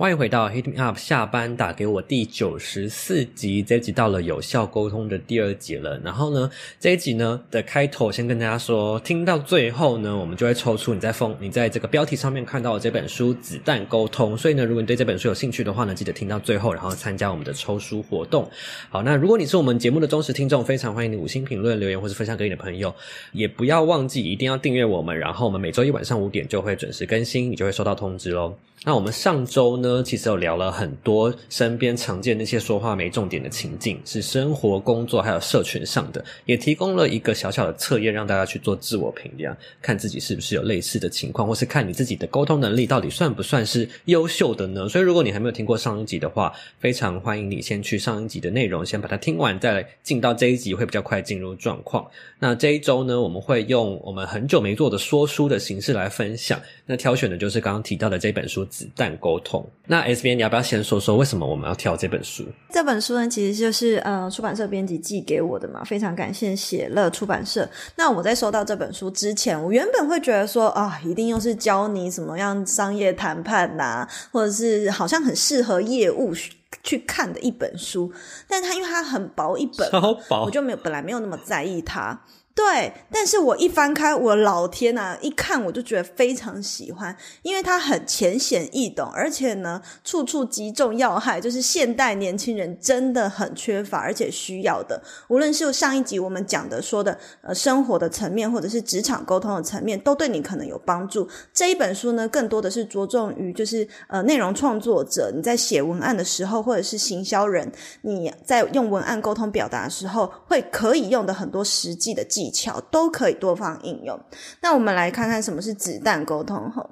歡迎回到 Hit Me Up 下班打給我第九十四集，這一集到了有效溝通的第二集了。然後呢，這一集呢的開頭先跟大家說，聽到最後呢，我們就會抽出你在封你在這個標題上面看到的這本書《子彈溝通》。所以呢，如果你對這本書有興趣的話呢，記得聽到最後，然後參加我們的抽書活動。好，那如果你是我們節目的忠實聽眾，非常歡迎你五星評論、留言或是分享給你的朋友。也不要忘記一定要訂閱我們，然後我們每周一晚上五點就會準時更新，你就會收到通知嘍。那我們上周呢，呃，其實我聊了很多身邊常見那些說話沒重點的情境，是生活、工作還有社群上的，也提供了一個小小的測驗，讓大家去做自我評價，看自己是不是有類似的情況，或是看你自己的溝通能力到底算不算是優秀的呢？所以，如果你還沒有聽過上一集的話，非常歡迎你先去上一集的內容，先把它聽完，再來進到這一集會比較快進入狀況。那這一周呢，我們會用我們很久沒做的說書的形式來分享，那挑選的就是剛剛提到的這本書《子彈溝通》。那 S 編，你要不要先說說為什麼我們要挑這本書？這本書呢，其實就是呃，出版社編輯寄給我的嘛，非常感謝寫樂出版社。那我在收到這本書之前，我原本會覺得說啊，一定又是教你怎麼樣商業談判吶、啊，或者是好像很適合業務去看的一本書。但是它因為它很薄一本，超薄，我就沒有本來沒有那麼在意它。對，但是我一翻開，我老天啊！一看我就覺得非常喜歡，因為它很淺顯易懂，而且呢，處處擊中要害，就是現代年輕人真的很缺乏，而且需要的。無論是上一集我們講的說的，呃，生活的層面，或者是職場溝通的層面，都對你可能有幫助。這一本書呢，更多的是着重於就是呃，內容創作者你在寫文案的時候，或者是行銷人你在用文案溝通表達的時候，會可以用的很多實際的技巧。巧都可以多方應用。那我們來看看什麼是子彈溝通吼，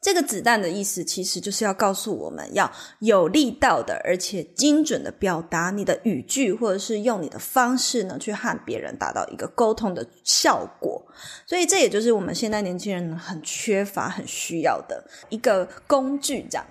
這個子彈的意思，其實就是要告訴我們要有力道的，而且精準的表達你的語句，或者是用你的方式呢，去和別人達到一個溝通的效果。所以這也就是我們現代年輕人很缺乏，很需要的一個工具，這樣。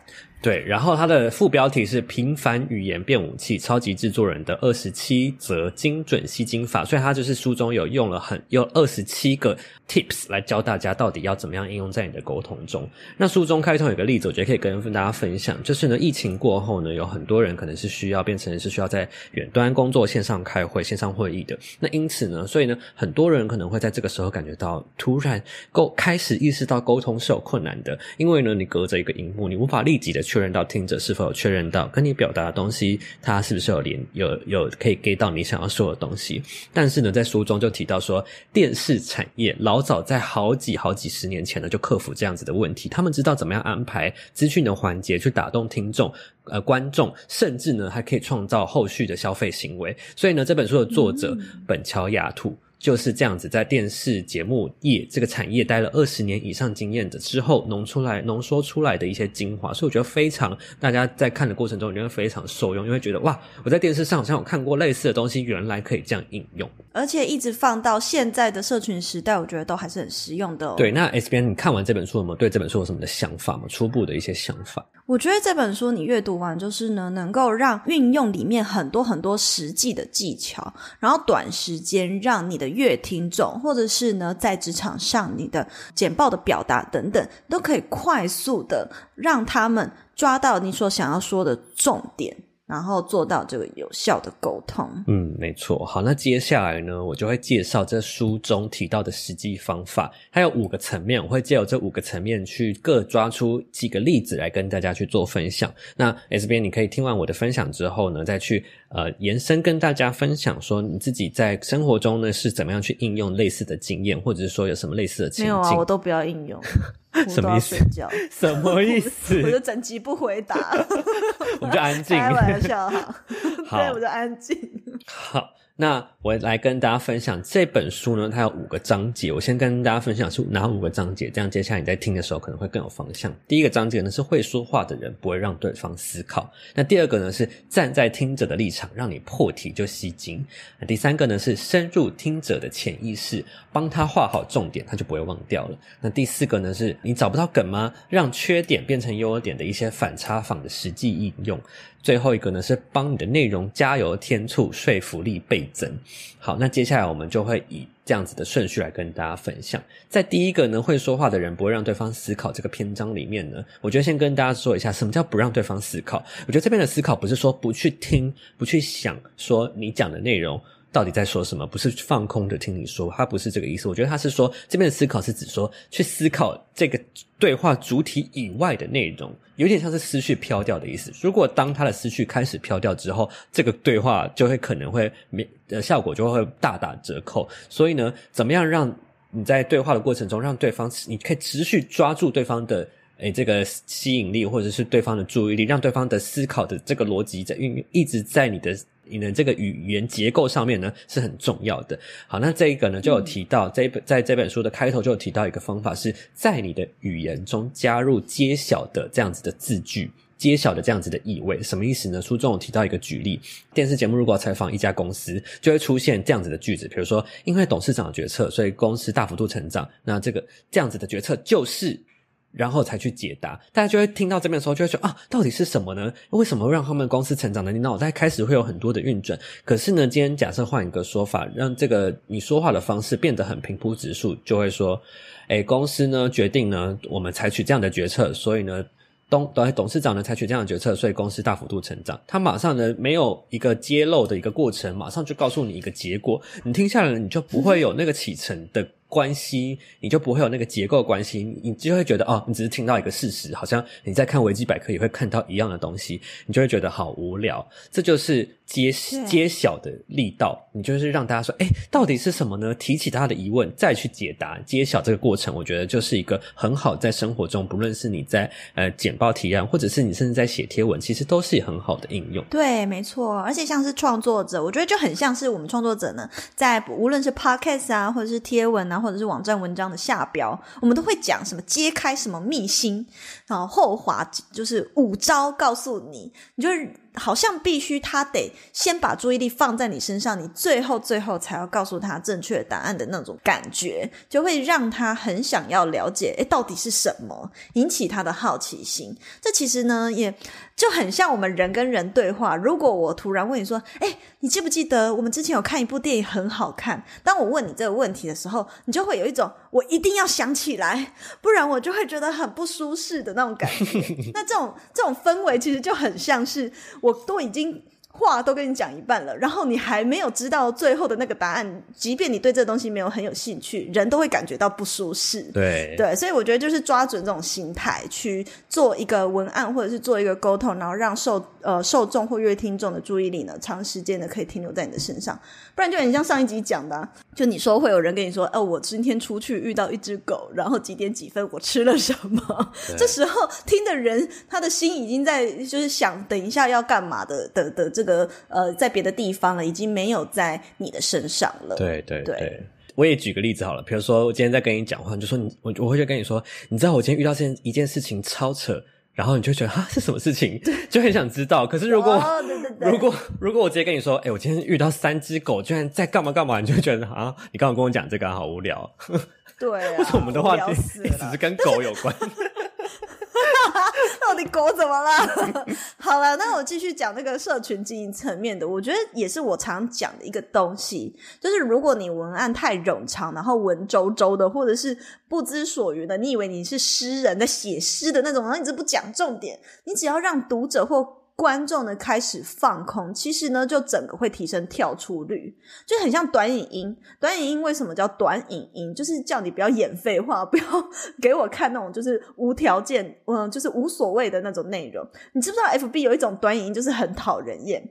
對，然後它的副標題是“平凡語言變武器”，超級製作人的二十七則精準吸睛法。所以它就是書中有用了很有二十七個 tips 來教大家到底要怎麼樣應用在你的溝通中。那書中開頭有個例子，我覺得可以跟大家分享，就是呢，疫情過後呢，有很多人可能是需要變成是需要在遠端工作、線上開會、線上會議的。那因此呢，所以呢，很多人可能會在這個時候感覺到突然溝開始意識到溝通是有困難的，因為呢，你隔着一個熒幕，你無法立即的去。確認到聽者是否有確認到跟你表達的東西，他是不是有連有有可以 get 到你想要說的東西？但是呢，在書中就提到說，電視產業老早在好幾好幾十年前呢，就克服這樣子的問題。他們知道怎麼樣安排資訊的環節去打動聽眾、呃觀眾，甚至呢還可以創造後續的消費行為。所以呢，這本書的作者嗯嗯嗯本橋亞土。就是這樣子，在電視節目業這個產業待了二十年以上經驗的之後，濃出來濃縮出來的一些精華，所以我覺得非常，大家在看的過程中，你覺得非常受用，因為覺得哇，我在電視上好像有看過類似的東西，原來可以這樣應用，而且一直放到現在的社群時代，我覺得都還是很實用的哦。對，那 S 編，你看完這本書有沒有對這本書有什麼的想法嗎？初步的一些想法。我覺得這本書你閱讀完，就是呢，能夠讓運用裡面很多很多實際的技巧，然後短時間讓你的閱聽眾，或者是呢，在職場上你的簡報的表達等等，都可以快速的讓他們抓到你所想要說的重點。然後做到這個有效的溝通，嗯，沒錯。好，那接下來呢，我就會介紹這書中提到的實際方法，它有五個層面，我會借由這五個層面去各抓出幾個例子來跟大家去做分享。那 S 編你可以聽完我的分享之後呢，再去。呃，延伸跟大家分享說，你自己在生活中呢是怎麼樣去應用類似的經驗，或者是說有什麼類似的情景？沒有啊，我都不要應用，什麼意思？什麼意思？我就,我就整集不回答， 我們就安靜，開玩笑哈， 好，我就安靜。好好那我來跟大家分享這本書呢，它有五個章節。我先跟大家分享是哪五個章節，這樣接下來你在聽的時候可能會更有方向。第一個章節呢是會說話的人不會讓對方思考。那第二個呢是站在聽者的立場，讓你破題就吸睛。那第三個呢是深入聽者的潛意識，幫他畫好重點，他就不會忘掉了。那第四個呢是你找不到梗嗎？讓缺點變成優點的一些反差仿的實際應用。最後一個呢是幫你的內容加油添醋，說服力倍。好，那接下來我們就會以這樣子的順序來跟大家分享。在第一個呢，會說話的人不會讓對方思考這個篇章裡面呢，我覺得先跟大家說一下，什麼叫不讓對方思考。我覺得這邊的思考不是說不去聽、不去想，說你講的內容。到底在說什麼？不是放空的聽你說，他不是這個意思。我覺得他是說，這邊的思考是指說，去思考這個對話主體以外的內容，有點像是思緒飄掉的意思。如果當他的思緒開始飄掉之後，這個對話就會可能會沒效果，就會大打折扣。所以呢，怎麼樣讓你在對話的過程中，讓對方你可以持續抓住對方的誒、欸、這個吸引力，或者是對方的注意力，讓對方的思考的這個邏輯在運一直在你的。你的這個語言結構上面呢，是很重要的。好，那這一個呢就有提到，在這在這本書的開頭就有提到一個方法是，是在你的語言中加入揭曉的這樣子的字句，揭曉的這樣子的意味，什麼意思呢？書中有提到一個舉例，電視節目如果要採訪一家公司，就會出現這樣子的句子，比如說因為董事長的決策，所以公司大幅度成長。那這個這樣子的決策就是。然後才去解答，大家就會聽到這邊的時候，就會說啊，到底是什麼呢？為什麼會讓他們公司成長呢？你腦袋開始會有很多的運轉，可是呢，今天假設換一個說法，讓這個你說話的方式變得很平鋪直述，就會說，哎、欸，公司呢決定呢，我們採取這樣的決策，所以呢，董董事長呢採取這樣的決策，所以公司大幅度成長。他馬上呢沒有一個揭露的一個過程，馬上就告訴你一個結果，你聽下來呢你就不會有那個啟程的。關係，你就不會有那個結構關係，你就會覺得哦，你只是聽到一個事實，好像你在看維基百科也會看到一樣的東西，你就會覺得好無聊。這就是。揭揭曉的力道，對你就是讓大家說，哎，到底是什麼呢？提起他的疑問，再去解答揭曉這個過程，我覺得就是一個很好在生活中，不論是你在呃簡報提案，或者是你甚至在寫貼文，其實都是一個很好的應用。對，沒錯。而且像是創作者，我覺得就很像是我們創作者呢，在無論是 podcast 啊，或者是貼文啊，或者是網站文章的下標，我們都會講什麼揭開什麼秘辛，然後後滑就是五招告訴你，你就是。好像必須他得先把注意力放在你身上，你最後最後才要告訴他正確答案的那種感覺，就會讓他很想要了解，誒，到底是什麼引起他的好奇心？這其實呢，也就很像我們人跟人對話。如果我突然問你說：“誒，你記不記得我們之前有看一部電影很好看？”當我問你這個問題的時候，你就會有一種我一定要想起來，不然我就會覺得很不舒適的那種感覺。 那這種這種氛圍其實就很像是。我都已經話都跟你講一半了，然後你還沒有知道最後的那個答案，即便你對這東西沒有很有興趣，人都會感覺到不舒適。對對，所以我覺得就是抓準這種心態去做一個文案，或者是做一個溝通，然後讓受。呃，受眾或閱聽眾的注意力呢，長時間的可以停留在你的身上，不然就很像上一集講的、啊，就你說會有人跟你說，哦、呃，我今天出去遇到一隻狗，然後幾點幾分，我吃了什麼，對這時候聽的人他的心已經在就是想等一下要幹嘛的的的這個呃，在別的地方了，已經沒有在你的身上了。對對對，對，我也舉個例子好了，比如說我今天在跟你講話，你就說你我我會去跟你說，你知道我今天遇到件一件事情超扯。然後你就會覺得啊，是什麼事情？就很想知道。可是如果、哦、對對對，如果如果我直接跟你說，哎，我今天遇到三只狗，居然在幹嘛幹嘛，你就會覺得啊，你剛剛跟我講這個好無聊。對、啊，為什麼我們的話題只是跟狗有關是？ 到底 狗怎麼了？ 好了,那我繼續講那個社群經營層面的。我覺得也是我常講的一個東西，就是如果你文案太冗長，然後文縐縐的，或者是不知所云的，你以為你是詩人在寫詩的那種，然後一直不講重點，你只要讓讀者或觀眾呢，開始放空，其實呢，就整個會提升跳出率，就很像短影音。短影音為什麼叫短影音？就是叫你不要演廢話，不要給我看那種就是無條件，嗯、呃，就是無所謂的那種內容。你知不知道 FB 有一種短影音就是很討人厭？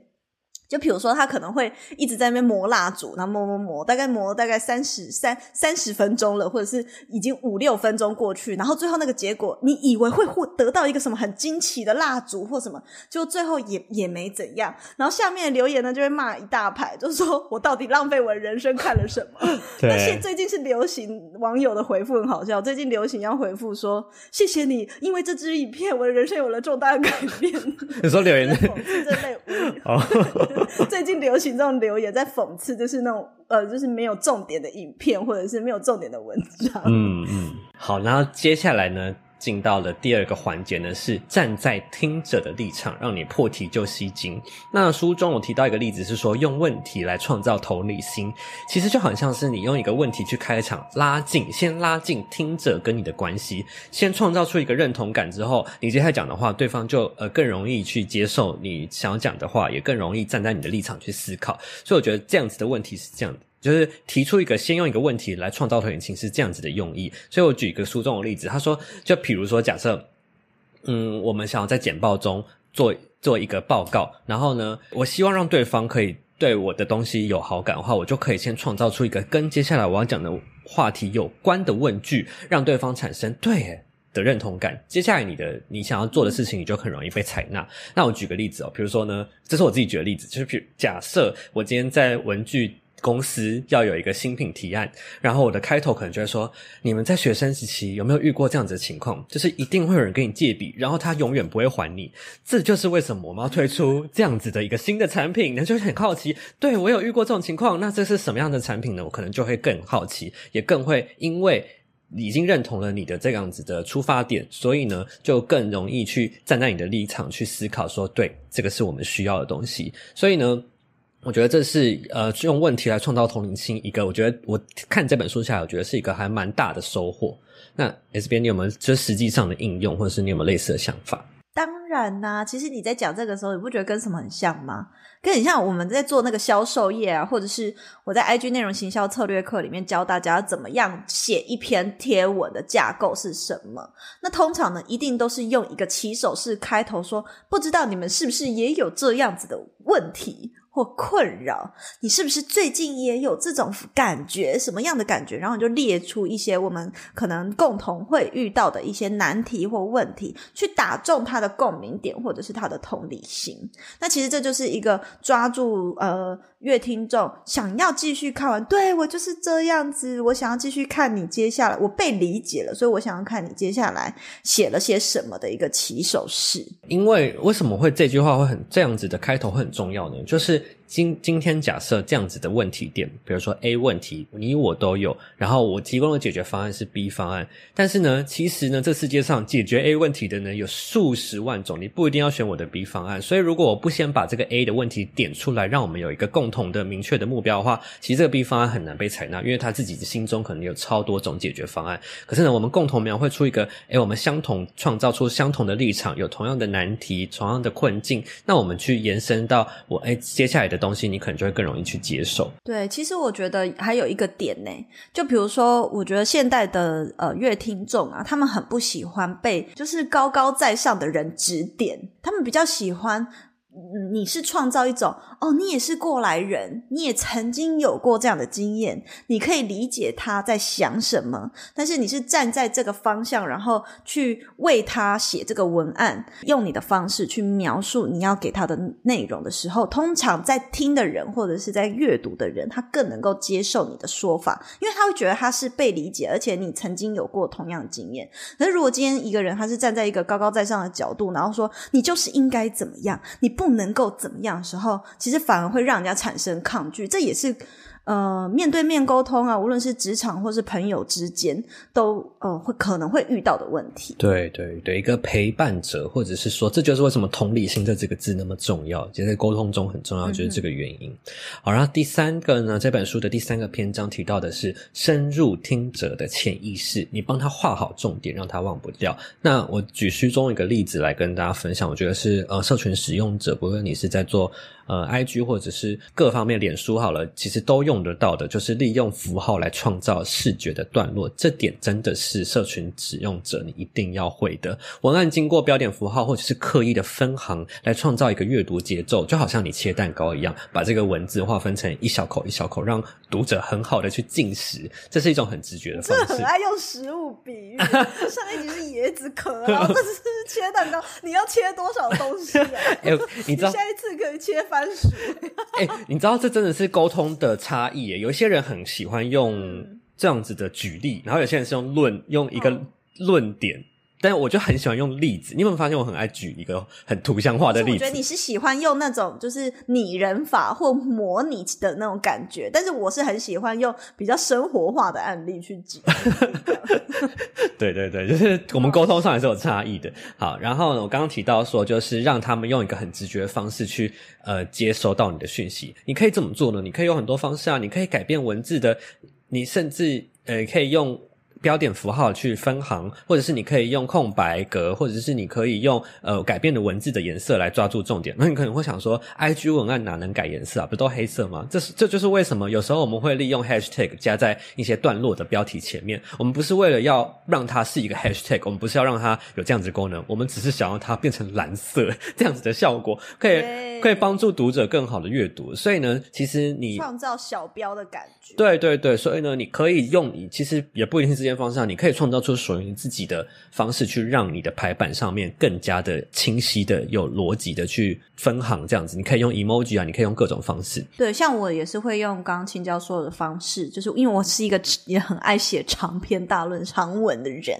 就比如說，他可能會一直在那邊磨蠟燭，然後磨磨磨，大概磨了大概三十三三十分鐘了，或者是已經五六分鐘過去，然後最後那個結果，你以為會獲得到一個什麼很驚奇的蠟燭或什麼，就最後也也沒怎樣。然後下面留言呢，就會罵一大排，就是說我到底浪費我的人生看了什麼？對。但是最近是流行網友的回復很好笑，最近流行要回復說謝謝你，因為這支影片我的人生有了重大的改變。你說留言的？ 哦。Oh. 最近流行這種留言，在諷刺，就是那種呃，就是沒有重點的影片，或者是沒有重點的文章。嗯嗯，好，然後接下來呢？進到了第二個環節呢，是站在聽者的立場，讓你破題就吸睛。那書中我提到一個例子是說，用問題來創造同理心，其實就好像是你用一個問題去開場，拉近，先拉近聽者跟你的關係，先創造出一個認同感之後，你接下來講的話，對方就呃更容易去接受你想要講的話，也更容易站在你的立場去思考。所以我覺得這樣子的問題是這樣的。就是提出一個先用一個問題來創造同情心是這樣子的用意，所以我舉一個書中的例子。他說，就比如說假設，嗯，我們想要在簡報中做做一個報告，然後呢，我希望讓對方可以對我的東西有好感的話，我就可以先創造出一個跟接下來我要講的話題有關的問句，讓對方產生對的認同感，接下來你的你想要做的事情，你就很容易被採納。那我舉個例子哦，比如說呢，這是我自己舉的例子，就是，假設我今天在文具。公司要有一個新品提案，然後我的開頭可能就會說：你們在學生時期有沒有遇過這樣子的情況？就是一定會有人跟你借筆，然後他永遠不會還你。這就是為什麼我們要推出這樣子的一個新的產品。那就會很好奇，對我有遇過這種情況，那這是什麼樣的產品呢？我可能就會更好奇，也更會因為已經認同了你的這樣子的出發點，所以呢，就更容易去站在你的立場去思考說，說對，這個是我們需要的東西。所以呢。我覺得這是呃，用問題來創造同理心，一個我覺得我看這本書下來，我覺得是一個還蠻大的收穫。那 S 編你有沒有就是實際上的應用，或者是你有沒有類似的想法？當然啦、啊，其實你在講這個時候，你不覺得跟什麼很像嗎？跟很像我們在做那個銷售業啊，或者是我在 IG 內容行銷策略課裡面教大家怎麼樣寫一篇貼文的架構是什麼？那通常呢，一定都是用一個起手式開頭說，說不知道你們是不是也有這樣子的問題。或困擾，你是不是最近也有這種感覺？什麼樣的感覺？然後你就列出一些我們可能共同會遇到的一些難題或問題，去打中他的共鳴點，或者是他的同理心。那其實這就是一個抓住，呃。樂聽眾想要繼續看完，對，我就是這樣子，我想要繼續看你接下來，我被理解了，所以我想要看你接下來寫了些什麼的一個起手式。因為為什麼會這句話會很這樣子的開頭會很重要呢？就是。今今天假設這樣子的問題點，比如說 A 問題，你我都有。然後我提供的解決方案是 B 方案，但是呢，其實呢，這世界上解決 A 問題的呢有數十萬種，你不一定要選我的 B 方案。所以如果我不先把這個 A 的問題點出來，讓我們有一個共同的明確的目標的話，其實這個 B 方案很難被採納，因為他自己心中可能有超多種解決方案。可是呢，我們共同描繪出一個，哎、欸，我們相同創造出相同的立場，有同樣的難題、同樣的困境，那我們去延伸到我，哎、欸，接下來的。東西你可能就會更容易去接受。對，其實我覺得還有一個點呢、欸，就比如說，我覺得現代的呃樂聽眾啊，他們很不喜歡被就是高高在上的人指點，他們比較喜歡。你是創造一種哦，你也是過來人，你也曾經有過這樣的經驗，你可以理解他在想什麼。但是你是站在這個方向，然後去為他寫這個文案，用你的方式去描述你要給他的內容的時候，通常在聽的人或者是在閱讀的人，他更能夠接受你的說法，因為他會覺得他是被理解，而且你曾經有過同樣的經驗。那如果今天一個人他是站在一個高高在上的角度，然後說你就是應該怎麼樣，你不。不能夠怎麼樣的時候，其實反而會讓人家產生抗拒，這也是。呃，面對面溝通啊，無論是職場或是朋友之間，都呃會可能會遇到的問題。對對對，一個陪伴者，或者是說，這就是為什麼同理心的這個字那麼重要，其實在溝通中很重要，就是這個原因。嗯嗯。好，然後第三個呢，這本書的第三個篇章提到的是深入聽者的潛意識，你幫他畫好重點，讓他忘不掉。那我舉書中一個例子來跟大家分享，我覺得是呃社群使用者，不論你是在做。呃、嗯、IG 或者是各方面，臉書好了，其實都用得到的，就是利用符號來創造視覺的段落，這點真的是社群使用者你一定要會的。文案經過標點符號或者是刻意的分行來創造一個閱讀節奏，就好像你切蛋糕一樣，把這個文字劃分成一小口一小口，讓讀者很好的去進食，這是一種很直覺的方式。很愛用食物比喻， 上一集是椰子殼， 然後這次是切蛋糕，你要切多少東西啊？哎、 欸，你知道你下一次可以切。.哎、 欸，你知道這真的是溝通的差異耶，有一些人很喜歡用這樣子的舉例，然後有些人是用論，用一個論點。哦。但我就很喜歡用例子，你有沒有發現我很愛舉一個很圖像化的例子？我覺得你是喜歡用那種就是擬人法或模擬的那種感覺，但是我是很喜歡用比較生活化的案例去舉。 樣 對對對，就是我們溝通上還是有差異的。好，然後呢，我剛剛提到說，就是讓他們用一個很直覺的方式去呃接收到你的訊息。你可以怎麼做呢？你可以用很多方式啊，你可以改變文字的，你甚至呃可以用。標點符號去分行，或者是你可以用空白格，或者是你可以用呃改變的文字的顏色來抓住重點。那你可能會想說，IG 文案哪能改顏色啊？不都黑色嗎？這是這就是為什麼有時候我們會利用 hashtag 加在一些段落的標題前面。我們不是為了要讓它是一個 hashtag，我們不是要讓它有這樣子功能，我們只是想要它變成藍色這樣子的效果，可以對可以幫助讀者更好的閱讀。所以呢，其實你創造小標的感覺，對對對，所以呢，你可以用，你其實也不一定是方向、啊，你可以創造出屬於自己的方式，去讓你的排版上面更加的清晰的、有邏輯的去分行，這樣子。你可以用 emoji 啊，你可以用各種方式。對，像我也是會用剛剛青椒說的方式，就是因為我是一個也很愛寫長篇大論、長文的人。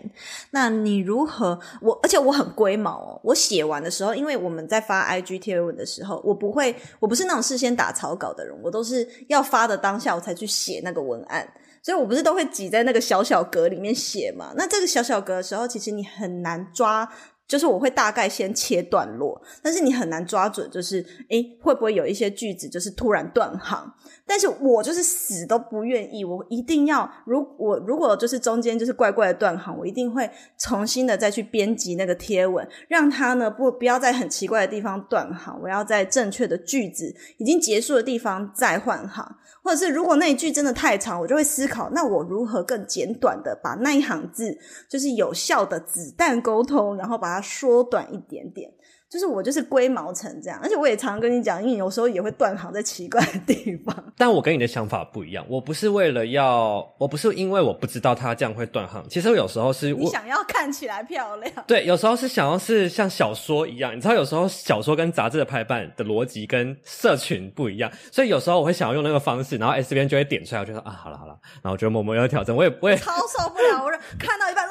那你如何？我而且我很龜毛哦，我寫完的時候，因為我們在發 IG 貼文的時候，我不會，我不是那種事先打草稿的人，我都是要發的當下我才去寫那個文案。所以，我不是都會擠在那個小小格裡面寫嘛？那這個小小格的時候，其實你很難抓。就是我會大概先切段落，但是你很難抓準，就是誒會不會有一些句子就是突然斷行？但是我就是死都不願意，我一定要，如果我如果就是中間就是怪怪的斷行，我一定會重新的再去編輯那個貼文，讓它呢不不要在很奇怪的地方斷行，我要在正確的句子已經結束的地方再換行，或者是如果那一句真的太長，我就會思考，那我如何更簡短的把那一行字就是有效的子彈溝通，然後把它。縮短一點點，就是我就是龜毛成這樣，而且我也常常跟你講，因為你有時候也會斷行在奇怪的地方。但我跟你的想法不一樣，我不是為了要，我不是因為我不知道他這樣會斷行。其實我有時候是，你想要看起來漂亮。對，有時候是想要是像小說一樣，你知道，有時候小說跟雜誌的排版的邏輯跟社群不一樣，所以有時候我會想要用那個方式，然後 S 編就會點出來，我就說啊，好了好了，然後我就默默要調整。我也不會，我也超受不了，我說 看到一半。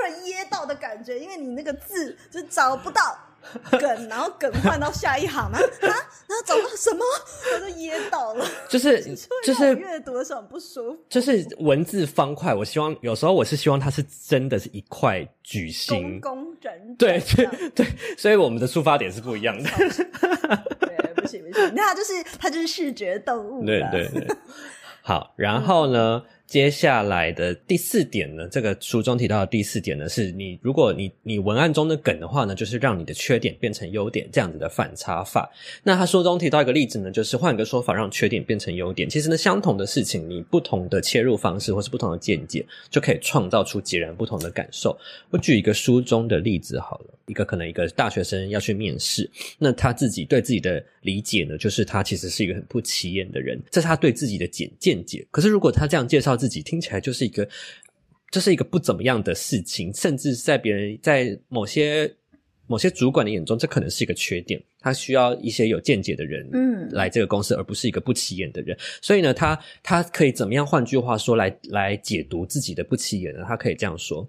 突然噎到的感覺，因為你那個字就找不到梗，然後梗換到下一行啊，然後找到什麼，我就噎到了，就是就是閱 讀的時候很不舒服，就是文字方塊。我希望有時候我是希望它是真的是一塊矩形，工整。對對對，所以我們的出發點是不一樣的。 對，不行不行，那它就是它就是視覺動物。對對對，好，然後呢？ 接下來的第四點呢，這個書中提到的第四點呢，是你如果你你文案中的梗的話呢，就是讓你的缺點變成優點這樣子的反差法。那他書中提到一個例子呢，就是換一個說法，讓缺點變成優點。其實呢，相同的事情，你不同的切入方式或是不同的見解，就可以創造出截然不同的感受。我舉一個書中的例子好了。一個可能一個大學生要去面試，那他自己對自己的理解呢，就是他其實是一個很不起眼的人，這是他對自己的見見解。可是如果他這樣介紹自己，聽起來就是一個這、就是一個不怎麼樣的事情，甚至在別人在某些某些主管的眼中，這可能是一個缺點。他需要一些有見解的人，嗯，來這個公司，嗯、而不是一個不起眼的人。所以呢，他他可以怎麼樣？換句話說，來來解讀自己的不起眼呢？他可以這樣說。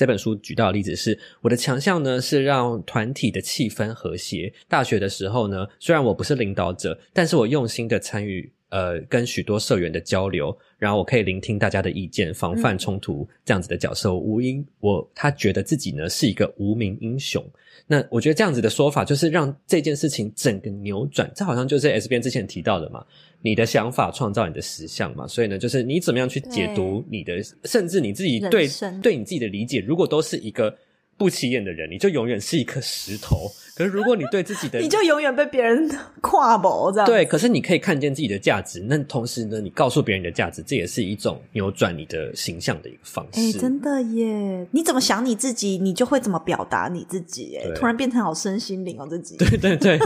這本書舉到的例子是，我的強項呢，是讓團體的氣氛，和諧。大學的時候呢，雖然我不是領導者，但是我用心的參與。呃，跟許多社員的交流，然後我可以聆聽大家的意見，防範衝突這樣子的角色，無英、嗯，我他覺得自己呢是一個無名英雄。那我覺得這樣子的說法，就是讓這件事情整個扭轉，這好像就是 S 編之前提到的嘛，你的想法創造你的實相嘛，所以呢，就是你怎麼樣去解讀你的，對甚至你自己對生對你自己的理解，如果都是一個。不起眼的人，你就永遠是一顆石頭。可是如果你對自己的， 你就永遠被別人跨步這樣。對，可是你可以看見自己的價值。那同時呢，你告訴別人你的價值，這也是一種扭轉你的形象的一個方式，欸。真的耶！你怎麼想你自己，你就會怎麼表達你自己。對突然變成好身心靈哦，喔，自己。對對對。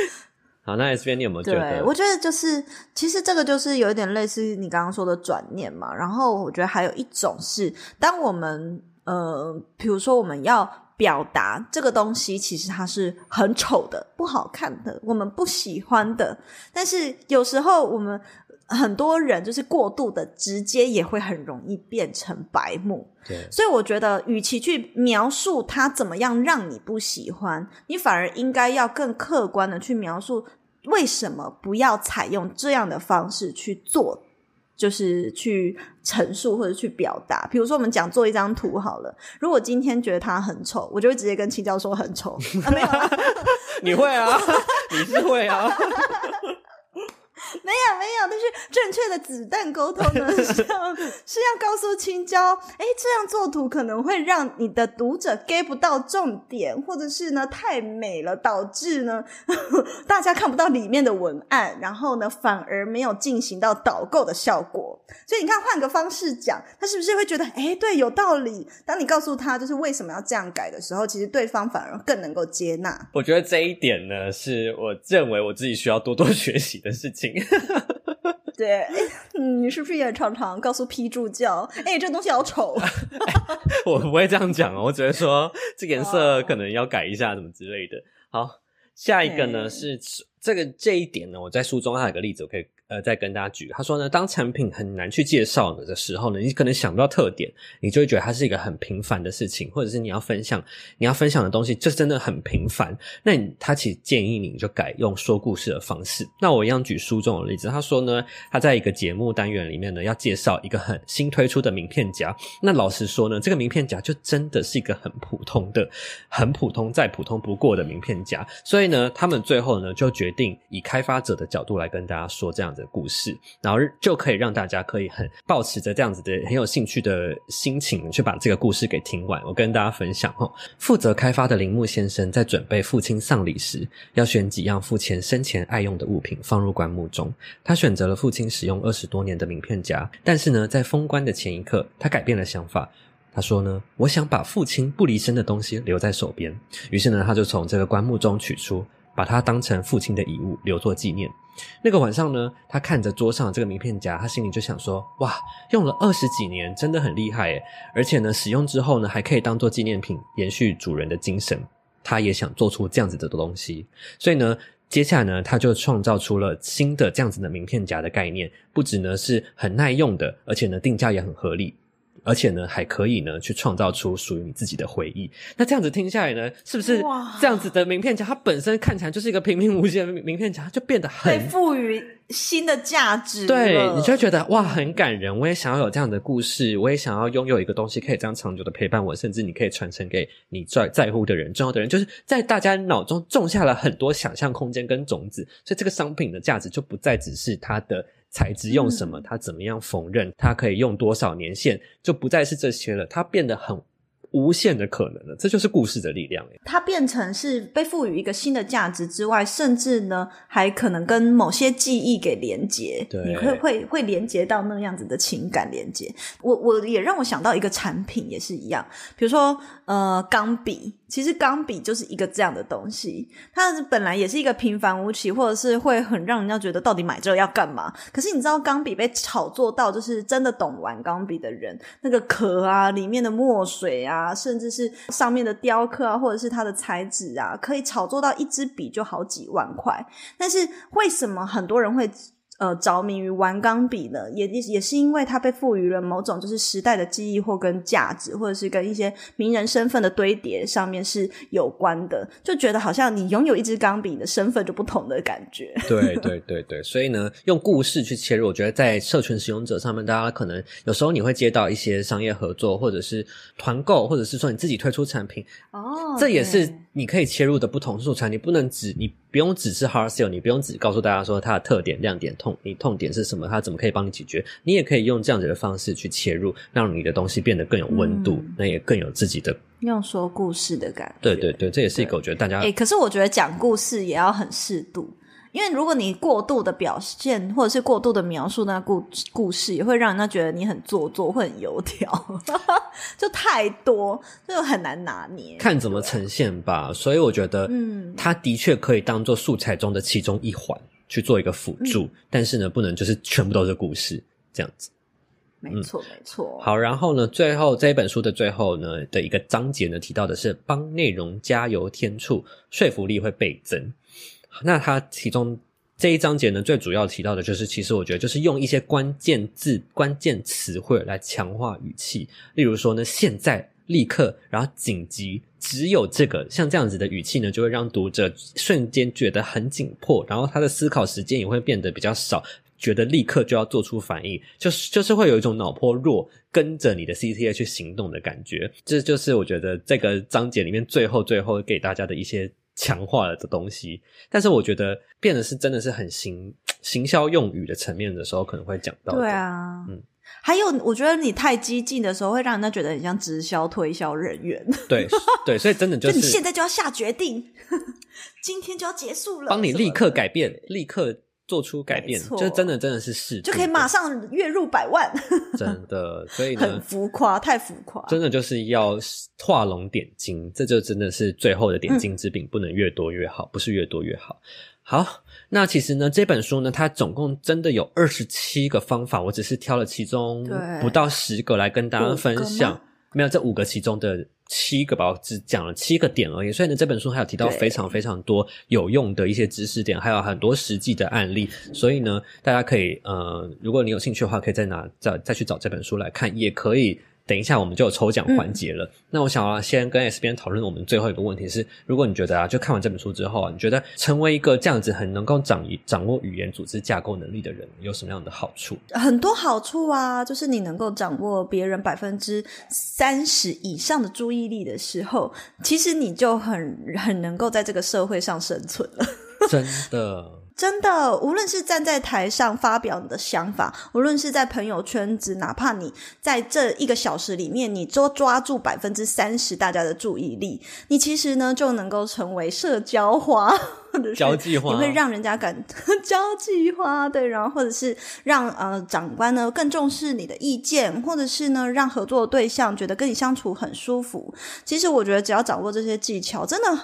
好，那 S 編你有沒有對我覺得就是，其實這個就是有一點類似你剛剛說的轉念嘛。然後我覺得還有一種是，當我們。呃，比如說我們要表達這個東西，其實它是很醜的、不好看的、我們不喜歡的。但是有時候我們很多人就是過度的直接，也會很容易變成白目。對，所以我覺得，與其去描述它怎麼樣讓你不喜歡，你反而應該要更客觀的去描述為什麼不要採用這樣的方式去做。就是去陳述或者去表達，比如說我們講做一張圖好了，如果今天覺得他很醜，我就會直接跟青椒說很醜，啊，沒有啊、 你會啊， 你是會啊。 沒有沒有，但是正確的子彈溝通呢，是要 是要告訴青椒，哎，這樣做圖可能會讓你的讀者 get 不到重點，或者是呢太美了，導致呢大家看不到裡面的文案，然後呢反而沒有進行到導購的效果。所以你看，換個方式講，他是不是會覺得哎，對，有道理？當你告訴他就是為什麼要這樣改的時候，其實對方反而更能夠接納。我覺得這一點呢，是我認為我自己需要多多學習的事情。 對，你是不是也常常告訴批助教？哎、欸，這東西好醜哈、 欸，我不會這樣講哦，我只會說這顏色可能要改一下，什麼之類的。好，下一個呢、欸、是這個這一點呢，我在書中還有一個例子，我可以。呃，再跟大家舉，他說呢，當產品很難去介紹的時候呢，你可能想不到特點，你就會覺得它是一個很平凡的事情，或者是你要分享你要分享的東西，就真的很平凡。那你他其實建議你就改用說故事的方式。那我一樣舉書中的例子，他說呢，他在一個節目單元裡面呢，要介紹一個很新推出的名片夾。那老實說呢，這個名片夾就真的是一個很普通的、很普通、再普通不過的名片夾。所以呢，他們最後呢，就決定以開發者的角度來跟大家說這樣子。的故事，然後就可以讓大家可以很抱持着這樣子的很有興趣的心情去把這個故事給聽完。我跟大家分享哦，負責開發的鈴木先生在準備父親喪禮時，要選幾樣父親生前愛用的物品放入棺木中。他選擇了父親使用二十多年的名片夾，但是呢，在封棺的前一刻，他改變了想法。他說呢，我想把父親不離身的東西留在手邊。於是呢，他就從這個棺木中取出。把它當成父親的遺物，留作紀念。那個晚上呢，他看着桌上這個名片夾，他心裡就想說：哇，用了二十幾年，真的很厲害耶！而且呢，使用之後呢，還可以當做紀念品，延續主人的精神。他也想做出這樣子的東西，所以呢，接下來呢，他就創造出了新的這樣子的名片夾的概念，不只呢是很耐用的，而且呢，定價也很合理。而且呢，還可以呢，去創造出屬於你自己的回憶。那這樣子聽下來呢，是不是這樣子的名片夾？哇它本身看起來就是一個平平無奇的名片夾，它就變得很賦予新的價值。對，你就會覺得哇，很感人。我也想要有這樣的故事，我也想要擁有一個東西可以這樣長久的陪伴我，甚至你可以傳承給你在在乎的人、重要的人，就是在大家腦中種下了很多想象空間跟種子。所以，這個商品的價值就不再只是它的。材質用什麼？它怎麼樣縫紉？它可以用多少年限？就不再是這些了，它變得很。無限的可能呢，這就是故事的力量。它變成是被賦予一個新的價值之外，甚至呢，還可能跟某些記憶給連接。對，你會會會連接到那樣子的情感連接。我我也讓我想到一個產品也是一樣，比如說呃，鋼筆。其實鋼筆就是一個這樣的東西，它本來也是一個平凡無奇，或者是會很讓人家覺得到底買這個要幹嘛。可是你知道，鋼筆被炒作到，就是真的懂玩鋼筆的人，那個殼啊，裡面的墨水啊。啊，甚至是上面的雕刻啊，或者是它的材質啊，可以炒作到一支筆就好幾萬塊。但是為什麼很多人會，呃，着迷於玩鋼筆呢，也也也是因為它被賦予了某種就是時代的記憶或跟價值，或者是跟一些名人身份的堆疊上面是有關的，就覺得好像你擁有一支鋼筆，你的身份就不同的感覺。對對對對，所以呢，用故事去切入，我覺得在社群使用者上面，大家可能有時候你會接到一些商業合作，或者是團購，或者是說你自己推出產品哦，oh, okay. 這也是。你可以切入的不同素材，你不能只，你不用只是 hard sell，你不用只告訴大家說它的特點、亮點、痛、你痛點是什麼，它怎麼可以幫你解決。你也可以用這樣子的方式去切入，讓你的東西變得更有溫度，那、嗯、也更有自己的用說故事的感覺。對對對，這也是一個我覺得大家。哎、欸，可是我覺得講故事也要很適度。因為如果你過度的表現或者是過度的描述那故故事，也會讓人家覺得你很做作，會很油條， 就太多，就很難拿捏。看怎麼呈現吧。對所以我覺得，嗯，它的確可以當做素材中的其中一環去做一個輔助，嗯、但是呢，不能就是全部都是故事這樣子。沒錯，沒錯。好，然後呢，最後這一本書的最後呢的一個章節呢提到的是，幫內容加油添醋，說服力會倍增。那它其中這一章節呢，最主要提到的就是，其實我覺得就是用一些關鍵字、關鍵詞彙來強化語氣。例如說呢，現在、立刻，然後緊急，只有這個像這樣子的語氣呢，就會讓讀者瞬間覺得很緊迫，然後他的思考時間也會變得比較少，覺得立刻就要做出反應，就是就是會有一種腦波弱跟着你的 CTA 去行動的感覺。這就是我覺得這個章節裡面最後最後給大家的一些。強化了的東西，但是我覺得變得是真的是很行行銷用語的層面的時候，可能會講到。對啊，嗯，還有我覺得你太激進的時候，會讓人家覺得很像直銷推銷人員。對對，所以真的就是 就你現在就要下決定，今天就要結束了，幫你立刻改變，立刻。做出改變，錯就真的真的是事，就可以馬上月入百萬， 真的，所以呢，很浮誇，太浮誇，真的就是要畫龍點睛，這就真的是最後的點睛之筆，嗯、不能越多越好，不是越多越好。好，那其實呢，這本書呢，它總共真的有二十七個方法，我只是挑了其中不到十個來跟大家分享，沒有這五個其中的。七個吧，我只講了七個點而已。所以呢，這本書還有提到非常非常多有用的一些知識點，對還有很多實際的案例。所以呢，大家可以，呃，如果你有興趣的話，可以再拿再再去找這本書來看，也可以。等一下，我們就有抽獎環節了。嗯、那我想、啊、先跟 S 編討論，我們最後一個問題是：是如果你覺得啊，就看完這本書之後啊，你覺得成為一個這樣子很能夠掌握掌握語言組織架構能力的人，有什麼樣的好處？很多好處啊，就是你能夠掌握別人百分之三十以上的注意力的時候，其實你就很很能夠在這個社會上生存了。 真的。真的，無論是站在台上發表你的想法，無論是在朋友圈子，哪怕你在這一個小時裡面，你多抓住百分之三十大家的注意力，你其實呢，就能夠成為社交花。交際，你會讓人家感交際花， 對，然後或者是讓呃長官呢更重視你的意見，或者是呢讓合作對象覺得跟你相處很舒服。其實我覺得只要掌握這些技巧，真的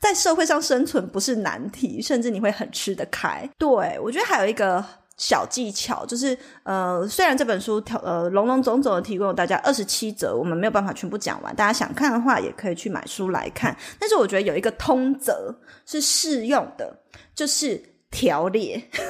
在社會上生存不是難題，甚至你會很吃得開。對，我覺得還有一個。小技巧就是，呃，雖然這本書條呃，林林總總的提供大家二十七則，我們沒有辦法全部講完，大家想看的話也可以去買書來看。但是我覺得有一個通則是適用的，就是條列。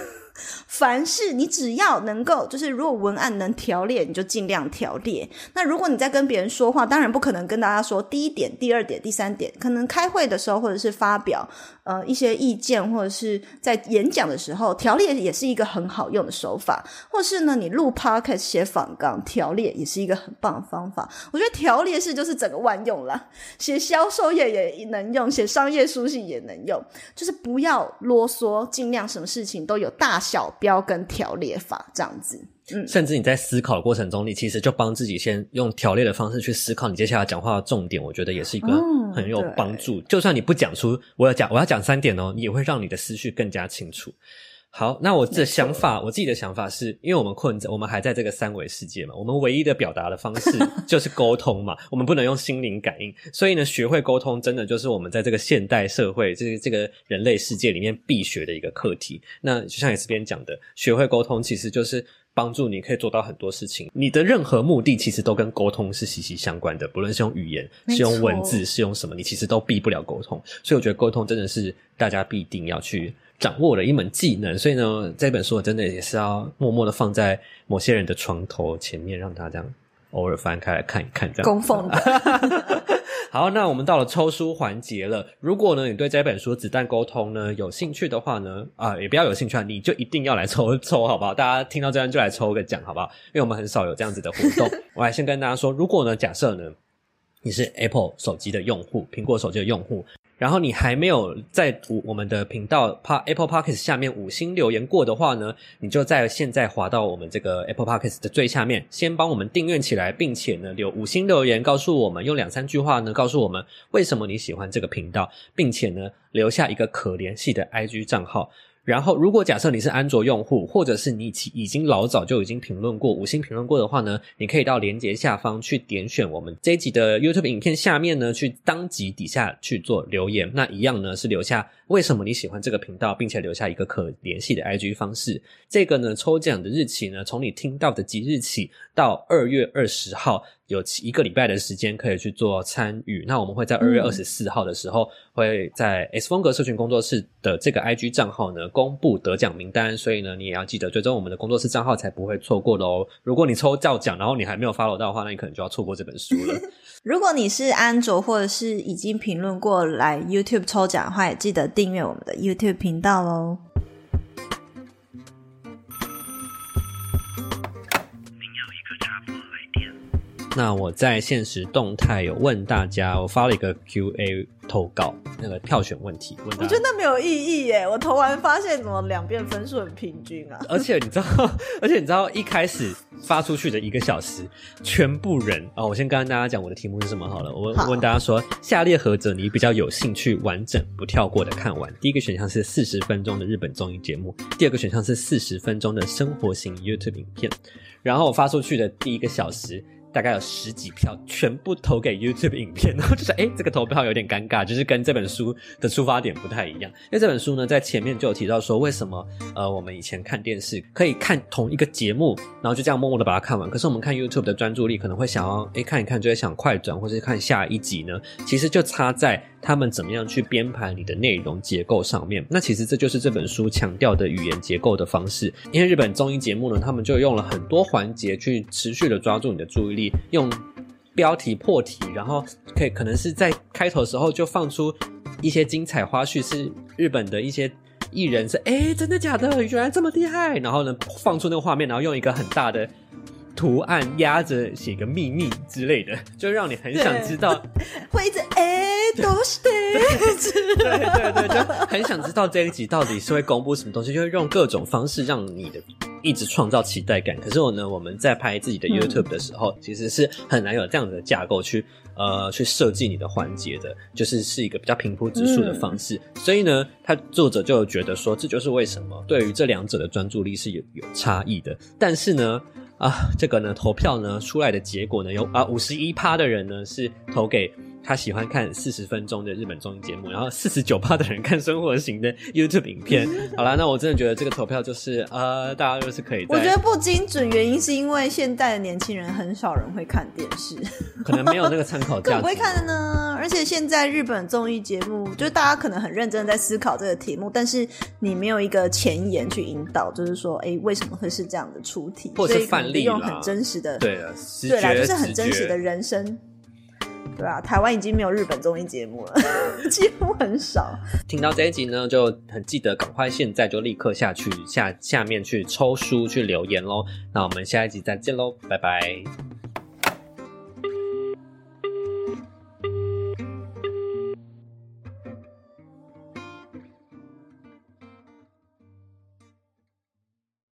凡是你只要能夠，就是如果文案能條列，你就盡量條列。那如果你在跟別人說話，當然不可能跟大家說第一點、第二點、第三點。可能開會的時候，或者是發表呃一些意見，或者是在演講的時候，條列也是一個很好用的手法。或者是呢，你錄 Podcast 寫訪綱，條列也是一個很棒的方法。我覺得條列式就是整個萬用啦，寫銷售頁也能用，寫商業書信也能用。就是不要囉嗦，盡量什麼事情都有大。小標跟條列法這樣子，嗯、甚至你在思考的過程中，你其實就幫自己先用條列的方式去思考你接下來講話的重點，我覺得也是一個很有幫助、嗯。就算你不講出我要講，我要講三點哦、喔，也會讓你的思緒更加清楚。好，那我這想法，沒事我自己的想法是，因為我們困在，我們還在這個三維世界嘛，我們唯一的表達的方式就是溝通嘛， 我們不能用心靈感應，所以呢，學會溝通真的就是我們在這個現代社會，這個這個人類世界裡面必學的一個課題。那就像也是別人講的，學會溝通其實就是幫助你可以做到很多事情，你的任何目的其實都跟溝通是息息相關的，不論是用語言，沒錯是用文字，是用什麼，你其實都避不了溝通。所以我覺得溝通真的是大家必定要去。掌握了一門技能，所以呢，這本書我真的也是要默默的放在某些人的床頭前面，讓他這樣偶爾翻開來看一看，這樣供奉的。 好，那我們到了抽書環節了。如果呢，你對這本書《子彈溝通》呢有興趣的話呢，啊，也不要有興趣啊，你就一定要來抽抽，好不好？大家聽到這段就來抽個獎，好不好？因為我們很少有這樣子的活動。 我來先跟大家說，如果呢，假設呢，你是 Apple 手機的用戶，蘋果手機的用戶。然後你還沒有在我們的頻道怕 Apple Podcast 下面五星留言過的話呢，你就在現在滑到我們這個 Apple Podcast 的最下面，先幫我們訂閱起來，並且呢留五星留言，告訴我們，用兩三句話呢告訴我們為什麼你喜歡這個頻道，並且呢留下一個可聯繫的 IG 賬號。然後，如果假設你是安卓用戶，或者是你已經老早就已經評論過五星評論過的話呢，你可以到連接下方去點選我們這一集的 YouTube 影片下面呢，去當集底下去做留言。那一樣呢是留下為什麼你喜歡這個頻道，並且留下一個可聯繫的 IG 方式。這個呢抽獎的日期呢，從你聽到的即日起到二月二十號。有一個禮拜的時間可以去做參與，那我們會在二月二十四號的時候會在 S 風格社群工作室的這個 IG 賬號呢公佈得獎名單，所以呢你也要記得追蹤我們的工作室賬號，才不會錯過嘍。如果你抽到獎，然後你還沒有 follow 到的話，那你可能就要錯過這本書了。 如果你是安卓或者是已經評論過來 YouTube 抽獎的話，也記得訂閱我們的 YouTube 頻道嘍。那我在現實動態有問大家，我發了一個 QA 投稿那個票選問題，問我覺得那沒有意義耶！我投完發現怎麼兩邊分數很平均啊？而且你知道，而且你知道一開始發出去的一個小時，全部人啊、哦，我先跟大家講我的題目是什麼好了。我問,好問大家說：下列何者你比較有興趣完整不跳過的看完？第一個選項是四十分鐘的日本綜藝節目，第二個選項是四十分鐘的生活型 YouTube 影片。然後我發出去的第一個小時。大概有十幾票，全部投給 YouTube 影片，然後就是，哎、欸，這個投票有點尷尬，就是跟這本書的出發點不太一樣。因為這本書呢，在前面就有提到說，為什麼，呃，我們以前看電視可以看同一個節目，然後就這樣默默的把它看完，可是我們看 YouTube 的專注力，可能會想要，哎、欸，看一看，就會想快轉或者看下一集呢。其實就差在。他們怎麼樣去編排你的內容結構上面？那其實這就是這本書強調的語言結構的方式。因為日本綜藝節目呢，他們就用了很多環節去持續的抓住你的注意力，用標題破題，然後可以可能是在開頭的時候就放出一些精彩花絮，是日本的一些藝人是哎、欸、真的假的，原來這麼厲害，然後呢放出那個畫面，然後用一個很大的。圖案壓着寫個祕密之類的，就讓你很想知道。都是對， 對。對對，對，對就很想知道這一集到底是會公布什麼東西，就會用各種方式讓你的一直創造期待感。可是我呢，我們在拍自己的 YouTube 的時候，嗯、其實是很難有這樣子的架構去呃去設計你的環節的，就是是一個比較平鋪直敘的方式。嗯、所以呢，他作者就覺得說，這就是為什麼對於這兩者的專注力是有有差異的。但是呢。啊，這個呢，投票呢出來的結果呢，有啊，五十一趴的人呢是投給。他喜歡看四十分鐘的日本綜藝節目，然後四十九趴的人看生活型的 YouTube 影片。 好啦，那我真的覺得這個投票就是呃，大家都是可以在。我覺得不精準，原因是因為現代的年輕人很少人會看電視，可能沒有那個參考價值。怎麼 不會看的呢？ 而且現在日本綜藝節目，就大家可能很認真的在思考這個題目，但是你沒有一個前言去引導，就是說，哎、欸，為什麼會是這樣的出題或者是範例用很真實的對啊，對啦，就是很真實的人生。對啊，台灣已經沒有日本綜藝節目了，幾乎很少。聽到這一集呢，就很記得趕快現在就立刻下去，下，下面去抽書，去留言咯，那我們下一集再見嘍，拜拜。